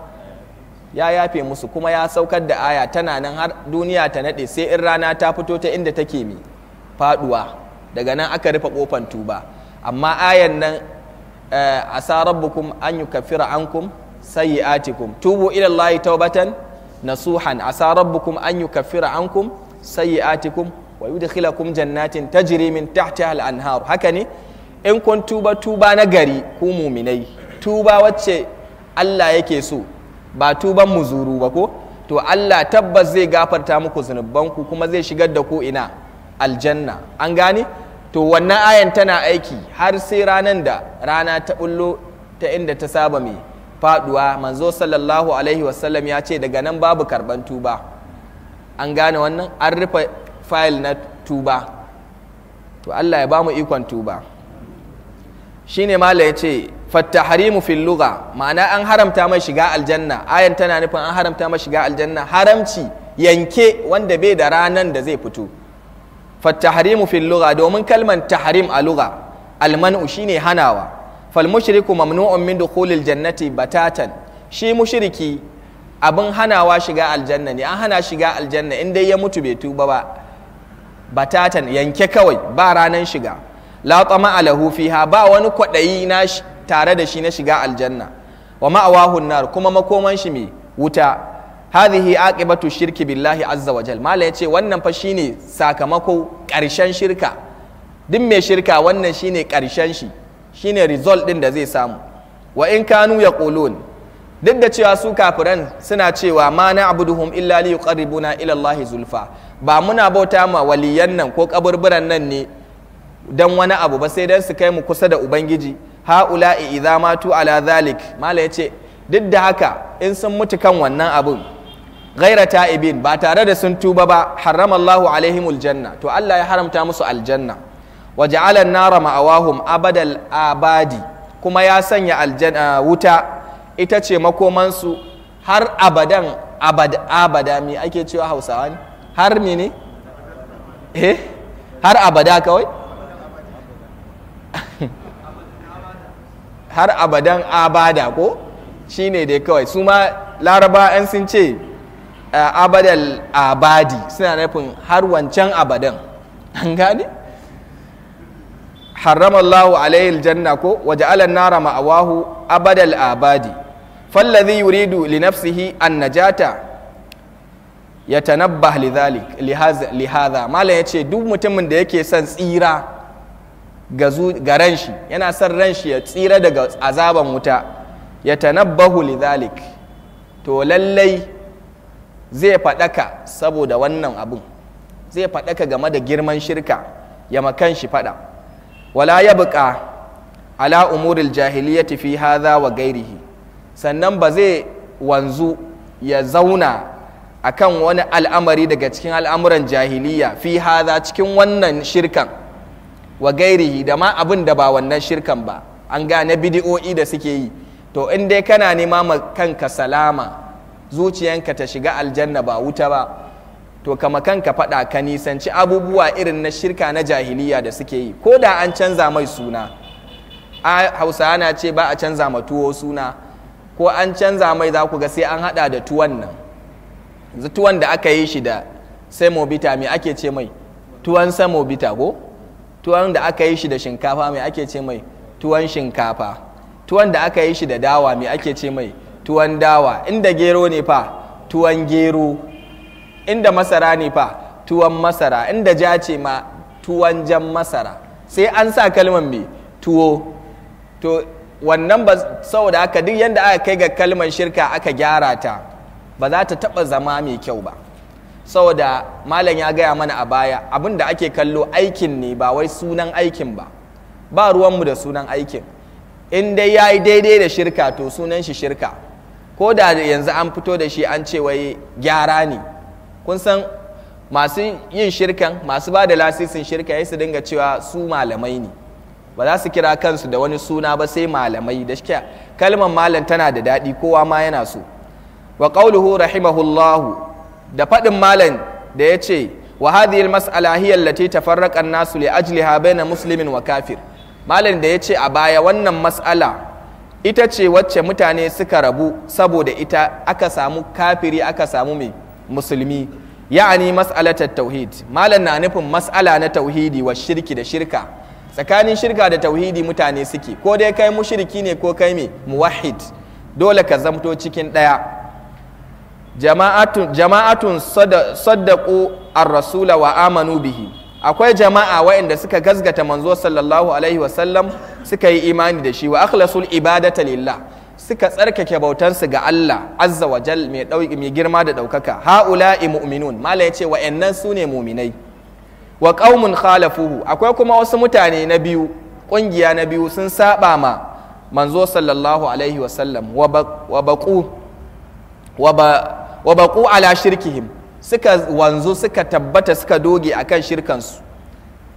Speaker 1: ya yafe musu kuma ya saukar da aya tana nan har duniya ta nade sai in rana ta fito ta inda take mi faduwa daga nan aka rufe kofan tuba amma ayan nan eh, asa rabbukum an yukaffira ankum sayyi'atikum tubu ila Allah taubatan nasuhan asa rabbukum an yukaffira ankum sayyi'atikum wa yudkhilakum jannatin tajri min tahtiha al-anhar haka ne in kun tuba tuba na gari ku muminai tuba wacce Allah yake so ba tuban mu zuru ba ko to Allah tabbas zai gafarta muku zunubanku kuma zai shigar da ku ina aljanna an gane to wannan ayan tana aiki har sai ranan da rana ta bullo ta inda ta saba mai faduwa manzo sallallahu alaihi wasallam ya ce daga nan babu karban tuba an gane wannan an rufe fayil na tuba to Allah ya bamu ikon tuba Shi ne mala ya ce fattaharimu fil lugha ma'ana an haramta mai shiga aljanna ayan tana nufin an haramta mai shiga aljanna haramci yanke wanda bai da ranan da zai fito fattaharimu fil lugha domin kalman tahrim a lugha almanu shine hanawa falmushiriku mamnu'un min dukhulil jannati batatan shi mushiriki abin hanawa shiga aljanna ne an hana shiga aljanna in dai ya mutu bai tuba ba batatan yanke kawai ba ranan shiga la tama alahu fiha ba wani kwadayi na tare da shi na shiga aljanna wa ma'awahu nar kuma makoman shi mai wuta hadhihi aqibatu shirki billahi azza wa jal mala yace wannan fa shine sakamako karshen shirka duk mai shirka wannan shine karshen shi shine result din da zai samu wa in kanu ya kulun duk da cewa su kafiran suna cewa ma na abuduhum illa li yuqarribuna ila Allah zulfa ba muna bauta ma waliyan nan ko kaburburan nan ne dan wani abu ba sai dan su kai mu kusa da ubangiji haula'i idza matu ala zalik mala yace duk da haka in sun mutu kan wannan abun ghaira ta'ibin ba tare da sun tuba ba haramallahu alaihimul janna to Allah ya haramta musu aljanna waja'alan nara ma'awahum abadal abadi kuma ya sanya aljanna ah, wuta ita ce makomansu har abadan abad abada me ake cewa Hausawa ne har mene eh har abada kawai (laughs) har abadan abada ko shine dai kawai su ma laraba 'yan sun ce ah, abadal abadi suna nufin har wancan abadan an gane harrama Allahu alayhi aljanna ko waja'ala an-nara ma'awahu abadal abadi falladhi yuridu li nafsihi an-najata yatanabbah lidhalik duk mutumin da yake son tsira ga ranshi yana son ranshi ya tsira daga azaban wuta Ya tanabbahu lidhalik to lallai zai faɗaka saboda wannan abun zai faɗaka game da girman shirka ya makanshi shi faɗa wala yabqa ala umuril jahiliyyati fi haza wa gairihi sannan ba zai wanzu ya zauna a kan wani al'amari daga cikin al'amuran jahiliya fi haza cikin wannan shirkan wa gairihi da ma abin da ba wannan shirkan ba an gane bidi'o'i da suke yi to in dai kana nema ma kanka salama zuciyanka ta shiga aljanna ba wuta ba to kama kanka faɗa ka nisanci abubuwa irin na shirka na jahiliya da suke yi ko da an canza mai suna a hausa na ce ba a canza ma tuwo suna ko an canza mai za ku ga sai an haɗa da tuwon nan yanzu tuwon da aka yi shi da semobita me ake ce mai tuwon semobita ko tuwon da aka yi shi da shinkafa me ake ce mai tuwon shinkafa tuwon da aka yi shi da dawa me ake ce mai tuwon dawa inda gero ne fa tuwon gero inda masara ne fa tuwon masara inda ja ce ma tuwon jan masara sai an sa kalman me tuwo to wannan ba saboda haka duk yadda aka kai ga kalmar shirka aka gyara ta ba za ta taɓa zama mai kyau ba saboda malam ya gaya mana a baya abin da ake kallo aikin ne ba wai sunan aikin ba ba ruwanmu da sunan aikin in dai ya yi daidai da shirka to sunan shi shirka ko da yanzu an fito da shi an ce wai gyara ne kun san masu yin shirkan masu ba da lasisin shirka ya su dinga cewa su malamai ne ba za su kira kansu da wani suna ba sai malamai da shi kalmar malam tana da daɗi kowa ma yana so wa qauluhu rahimahullahu da faɗin malam da ya ce wa hadhihi almas'ala hiya allati tafarraqa an-nasu li ajliha baina muslimin wa kafir malam da ya ce a baya wannan mas'ala ita ce wacce mutane suka rabu saboda ita aka samu kafiri aka samu mai musulmi ya'ani mas'alatar tauhid malam na nufin mas'ala na tauhidi wa shirki da shirka tsakanin shirka da tauhidi mutane suke ko dai kai mushriki ne ko kai me muwahid dole ka zamto cikin daya. jama'atun jama'atun saddaqu ar rasul wa amanu bihi akwai jama'a waɗanda suka gazgata manzo sallallahu alaihi wasallam suka yi imani da shi wa akhlasul ibadata lillah suka tsarkake bautansu ga Allah azza wa jal mai girma da ɗaukaka haula'i mu'minun mala yace wa'annan su ne mu'minai wa kaumun khalafuhu akwai kuma wasu mutane na biyu ƙungiya na biyu sun saba ma manzo sallallahu alaihi wa sallam wa baku ala shirkihim suka wanzu suka tabbata suka doge akan shirkansu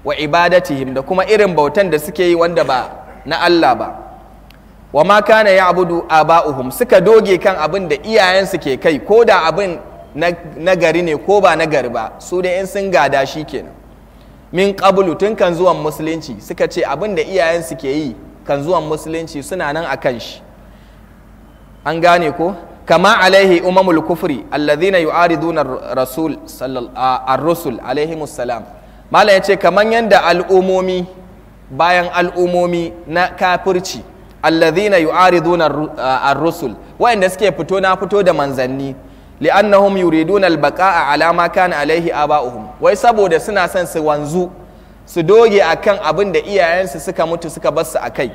Speaker 1: wa ibadatihim da kuma irin bautan da suke yi wanda ba na Allah ba wa ma kana ya'budu aba'uhum suka doge kan abin da iyayensu ke kai ko da abin na gari ne ko ba na gari ba su da in sun gada shi kenan min kabulu tun kan zuwan musulunci suka ce abin da iyayensu ke yi kan zuwan musulunci suna nan akan shi an gane ko kama alaihi umamul kufri alladhina yu'ariduna rasul ar-rusul alaihi salam mala yace kaman yanda al'umomi bayan al'umomi na kafirci alladhina yu'ariduna ar-rusul wa'anda suke fito na fito da manzanni li'annahum yuriduna al-baqa'a ala ma kana alaihi aba'uhum wai saboda suna son su wanzu su doge akan abin da iyayensu suka mutu suka bar su akai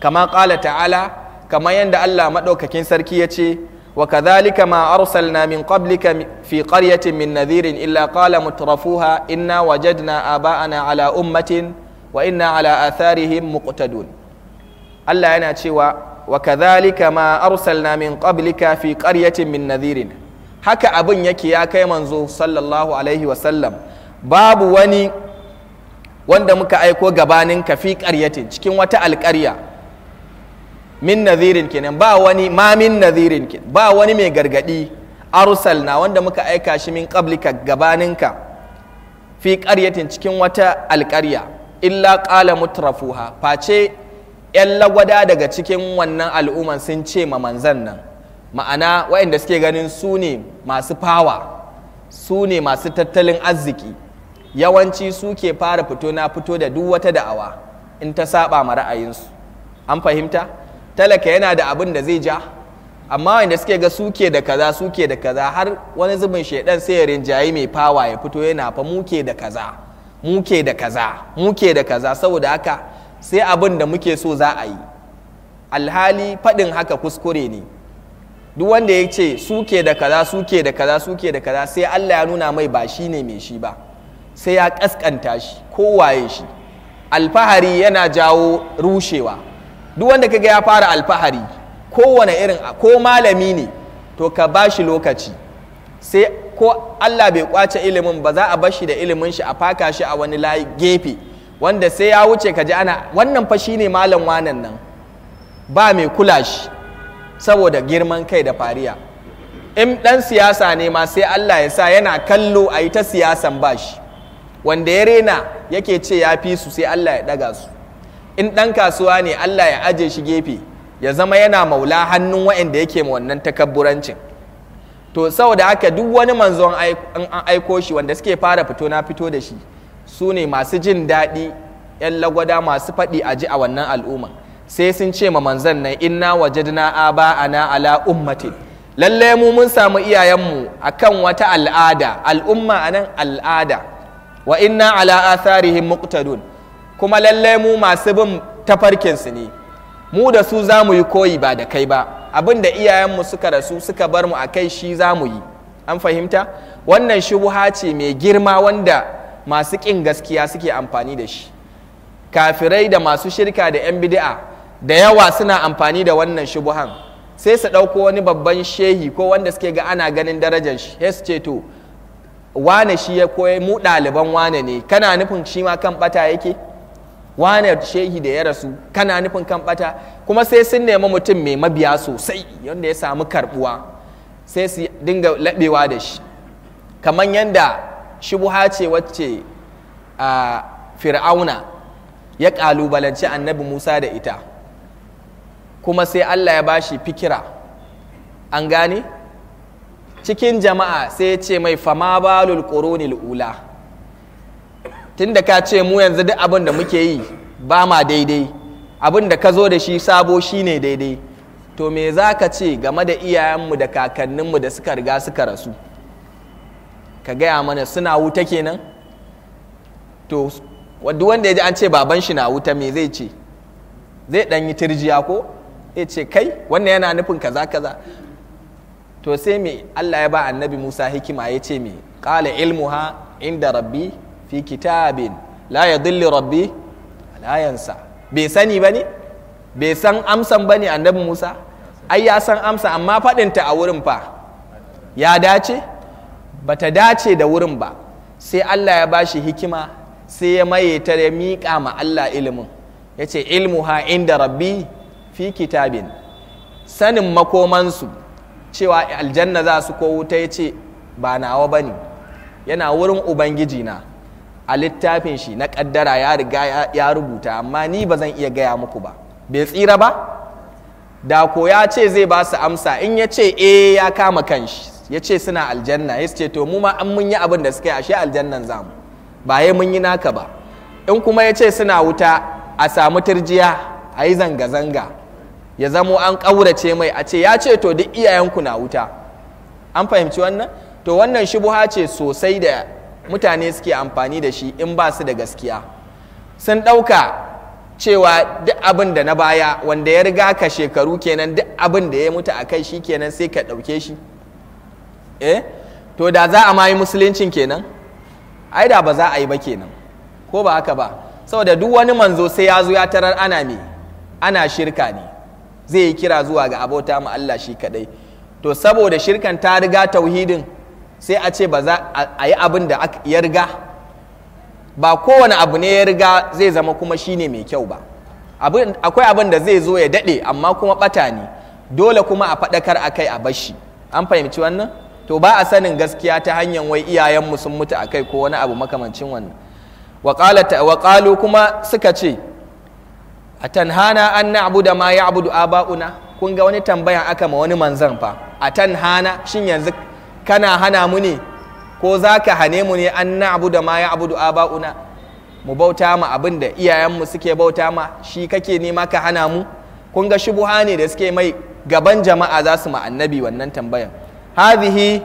Speaker 1: kama qala ta'ala kama yanda Allah madaukakin sarki ya ce wa kadhalika ma arsalna min qablika fi qaryatin min nadhirin illa qala mutrafuha inna wajadna aba'ana ala ummatin wa inna ala atharihim muqtadun Allah yana cewa wa kadhalika ma arsalna min qablika fi qaryatin min nadhirin haka abin yake ya kai manzo sallallahu alaihi wa sallam babu wani wanda muka aiko gabanin ka fi qaryatin cikin wata alƙarya min nadhirin kenan ba wani ma min nadhirin ba wani mai gargadi arsalna wanda muka aika shi min qablika ka fi qaryatin cikin wata alƙarya illa qala mutrafuha face 'yan lagwada daga cikin wannan al'umman sun ce ma manzan nan ma'ana waɗanda suke ganin su ne masu fawa su ne masu tattalin arziki yawanci su ke fara fito na fito da duk wata da'awa in ta saba ma ra'ayinsu an fahimta talaka yana da abin da zai ja amma waɗanda suke ga suke da kaza suke da kaza har wani zubin shaidan sai ya rinjayi mai fawa ya fito yana fa muke da kaza muke da kaza muke da kaza saboda haka sai abin da muke so za a yi alhali faɗin haka kuskure ne duk wanda ya ce suke da kaza suke da kaza suke da kaza sai Allah ya nuna mai ba shi ne mai shi ba sai ya ƙasƙanta shi kowaye shi alfahari yana jawo rushewa duk wanda kaga ya fara alfahari kowane irin ko malami ne to ka ba shi lokaci sai ko Allah bai kwace ilimin ba za a bashi da ilimin shi a faka shi a wani gefe wanda sai ya wuce ka ji ana wannan fa shine malam wanan nan ba mai kula shi saboda girman kai da fariya in ɗan siyasa ne ma sai Allah ya sa yana kallo a yi ta siyasan ba shi wanda ya rena yake ce ya fi su sai Allah ya ɗaga su in ɗan kasuwa ne Allah ya aje shi gefe ya zama yana maula hannun wa'anda yake ma wannan takabburancin to saboda haka duk wani manzon an aiko shi wanda suke fara fito na fito da shi su ne masu jin daɗi 'yan lagwada masu faɗi a ji a wannan al'umma sai sun ce ma manzan nan inna wajadna aba'ana ala ummatin lalle mu mun samu iyayenmu a kan wata al'ada al'umma a nan al'ada wa inna ala atharihim muqtadun kuma lalle mu masu bin tafarkin ne mu da su za mu yi koyi ba da kai ba abin da iyayenmu suka rasu suka bar mu a kai shi za mu yi an fahimta wannan shubuha ce mai girma wanda masu ƙin gaskiya suke amfani da shi kafirai da masu shirka da 'yan bid'a da yawa suna amfani da wannan shubuhan sai su ɗauko wani babban shehi ko wanda suke ga ana ganin darajar shi sai su ce to wane shi ya koyi mu ɗaliban wane ne kana nufin shi ma kan ɓata yake wane shehi da ya rasu kana nufin kan bata? kuma sai sun nemi mutum mai mabiya sosai wanda ya samu karbuwa. sai su dinga laɓewa da shi kamar yadda shubuha ce wacce a fir'auna ya ƙalubalanci annabi musa da ita kuma sai allah ya bashi fikira an gane cikin jama'a sai ya ce mai fama balul ƙoronil ula tunda ka ce mu yanzu duk abin da muke yi ba ma daidai abin da ka zo da shi sabo shine daidai to me za ka ce game da iyayenmu da kakanninmu da suka riga suka rasu ka gaya mana suna wuta kenan to wanda ya ji an ce baban shi na wuta me zai ce zai ɗanyi yi tirjiya ko ya ce kai wannan yana nufin kaza kaza to sai me Allah ya ba annabi Musa hikima ya ce me qala ilmuha inda rabbi fi kitabin la yadhillu rabbi la yansa bai sani bane bai san amsan bane annabi Musa ai ya san amsa amma faɗinta a wurin fa ya dace ba ta dace da wurin ba sai Allah ya bashi hikima sai ya maye ta ya miƙa ma Allah ilimin ya ce ha inda rabbi fi kitabin sanin makomansu cewa aljanna za su ko wuta ya ce ba nawa ba ne yana wurin ubangiji na a littafin shi na ƙaddara ya riga ya rubuta amma ni ba zan iya gaya muku ba bai tsira ba da ko ya ce zai ba su amsa in ya ce eh ya kama kanshi ya ce suna aljanna ya ce to mu ma an munyi yi abin da suka yi ashe aljannan zamu ba ya mun yi naka ba in kuma ya ce suna wuta a samu turjiya a yi zanga-zanga ya zamo an ƙaurace mai a ce ya ce to duk iyayenku na wuta an fahimci wannan to wannan shubuha ce sosai da mutane suke amfani da shi in ba su da gaskiya sun ɗauka cewa duk abin da na baya wanda ya riga ka shekaru kenan duk abin da ya mutu a kai shi kenan sai ka ɗauke shi eh to da za a ma yi musuluncin kenan ai da ba za a yi ba kenan ko ba haka ba saboda duk wani manzo sai ya zo ya tarar ana me ana shirka ne zai yi kira zuwa ga abota mu Allah shi kadai to saboda shirkan ta riga tauhidin sai a ce ba za a yi abin da ya riga ba kowane abu ne ya riga zai zama kuma shine mai kyau ba akwai abin da zai zo ya daɗe amma kuma bata ne dole kuma a faɗakar a kai a bashi an fahimci wannan to ba a sanin gaskiya ta hanyar wai iyayenmu sun mutu a kai ko wani abu makamancin wannan waƙalu kuma suka ce a tanhana an na'buda ma ya'budu aba'una kun ga wani tambaya aka ma wani manzan fa a tanhana shin yanzu kana hana mu ne ko za ka hane mu ne an na'buda ma ya'budu aba'una mu bauta ma abin da iyayenmu suke bauta ma shi kake nema ka hana mu kun ga shubuha ne da suke mai gaban jama'a za su ma annabi wannan tambayan hadhihi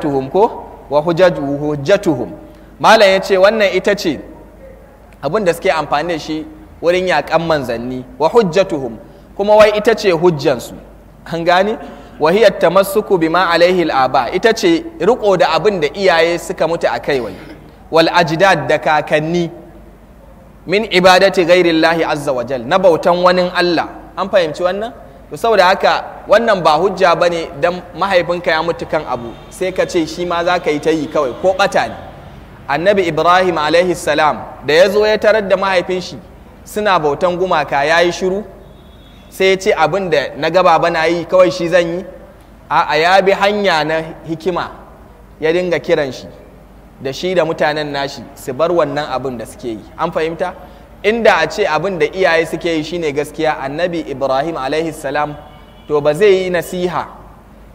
Speaker 1: tuhum ko wa hujjatuhum malam yace wannan ita ce abin da suke amfani da shi wurin yaƙan manzanni wa hujjatuhum kuma wai ita ce hujjansu an gane wa hiya tamassuku bima alaihi al-aba ita ce riko da abin da iyaye suka mutu a wai wal ajdad da kakanni min ibadati gairillahi azza wajal na bautan wani Allah an fahimci wannan to saboda haka wannan ba hujja ba ne don mahaifinka ya mutu kan abu sai ka ce shi ma za ka yi ta yi kawai ko ɓata ne annabi ibrahim alaihi salam da ya zo ya tarar da mahaifin shi suna bautan gumaka ya yi shiru sai ya ce abin da na gaba bana yi kawai shi zan yi a ya bi hanya na hikima ya dinga kiran shi da shi da mutanen nashi su bar wannan abin da suke yi an fahimta inda a ce abin da iyaye suke yi shine gaskiya annabi ibrahim salam to ba zai yi nasiha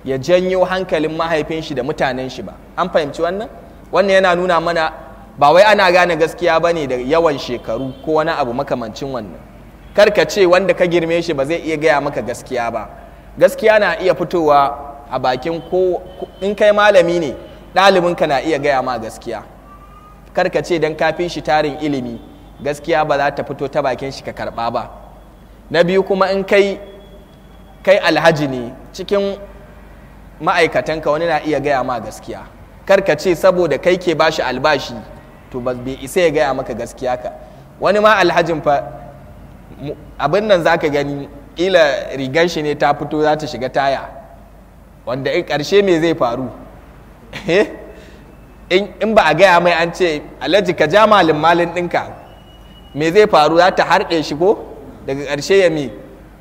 Speaker 1: ya janyo hankalin mahaifin shi da mutanen shi ba an fahimci wannan wannan yana nuna mana ba wai ana gane gaskiya ba ne da yawan shekaru ko wani abu makamancin wannan karka ce wanda ka girme shi ba zai iya gaya maka gaskiya ba gaskiya na iya fitowa a bakin ko in kai malami ne ɗalibinka na iya gaya ma gaskiya karka ce don ka fi shi tarin ilimi gaskiya ba za ta fito ta bakin shi ka karba ba na biyu kuma in kai kai alhaji ne cikin ma'aikatanka wani na iya gaya ma gaskiya kar ka ce saboda kai ke bashi albashi to ba bai isa ya gaya maka gaskiya ka wani ma alhajin fa abin nan zaka gani kila rigar shi ne ta fito za ta shiga taya wanda in karshe me zai faru (laughs) eh? in ba a gaya mai an ce alhaji ka ja malin malin ɗinka me zai faru za ta harɗe shi ko daga ƙarshe ya mi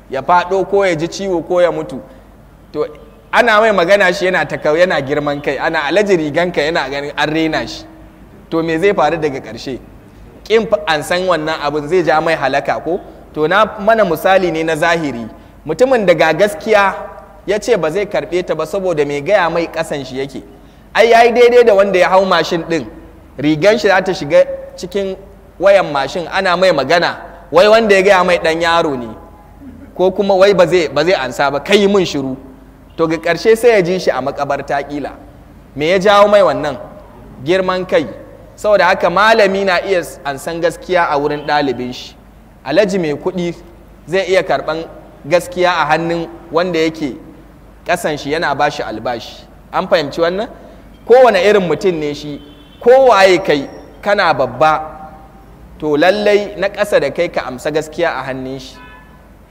Speaker 1: ya faɗo ko ya ji ciwo ko ya mutu to ana mai magana shi yana ta yana girman kai ana alaji riganka yana ganin an rena shi to me zai faru daga ƙarshe kin an san wannan abin zai ja mai halaka ko to na mana misali ne na zahiri mutumin da ga gaskiya ya ce ba zai karɓe ta ba saboda mai gaya mai ƙasan shi yake ai yayi daidai da wanda ya hau mashin ɗin rigan shi za ta shiga cikin wayan mashin ana mai magana wai wanda ya gaya mai dan yaro ne ko kuma wai ba zai ansa ba kai mun shiru to ga ƙarshe sai ya ji shi a makabarta ƙila me ya jawo mai wannan girman kai saboda haka malami na iya ansan gaskiya a wurin ɗalibin shi alhaji mai kuɗi zai iya karɓan gaskiya a hannun wanda yake ƙasan shi yana ba shi albashi an fahimci wannan kowane irin mutum ne shi kowaye kai kana babba to lallai na ƙasa da kai ka amsa gaskiya a hannun shi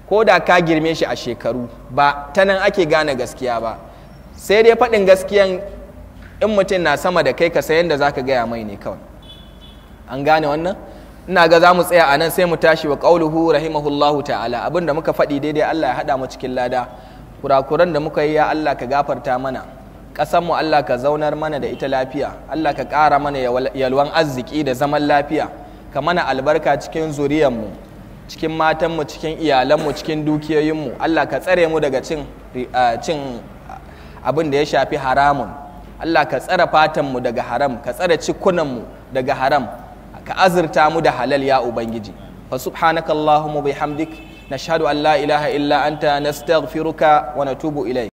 Speaker 1: ko da ka girme shi a shekaru ba ta nan ake gane gaskiya ba sai dai faɗin gaskiyan in mutum na sama da kai ka sayan da ka gaya mai ne kawai an gane wannan ina ga za mu tsaya a nan sai mu tashi wa ƙauluhu rahimahullahu ta'ala abin da muka faɗi daidai Allah ya haɗa mu cikin lada kurakuran da muka yi ya Allah ka gafarta mana ƙasar mu Allah ka zaunar mana da ita lafiya Allah ka ƙara mana yalwan arziki da zaman lafiya ka mana albarka cikin zuriyarmu cikin matanmu cikin iyalanmu cikin dukiyoyinmu Allah ka tsare mu daga cin abin da ya shafi haramun Allah ka tsare fatanmu daga haram ka tsare cikunanmu daga haram ka azurta mu da halal ya ubangiji fa subhanakallahumma bihamdik nashhadu an la ilaha illa anta nastaghfiruka wa natubu ilayk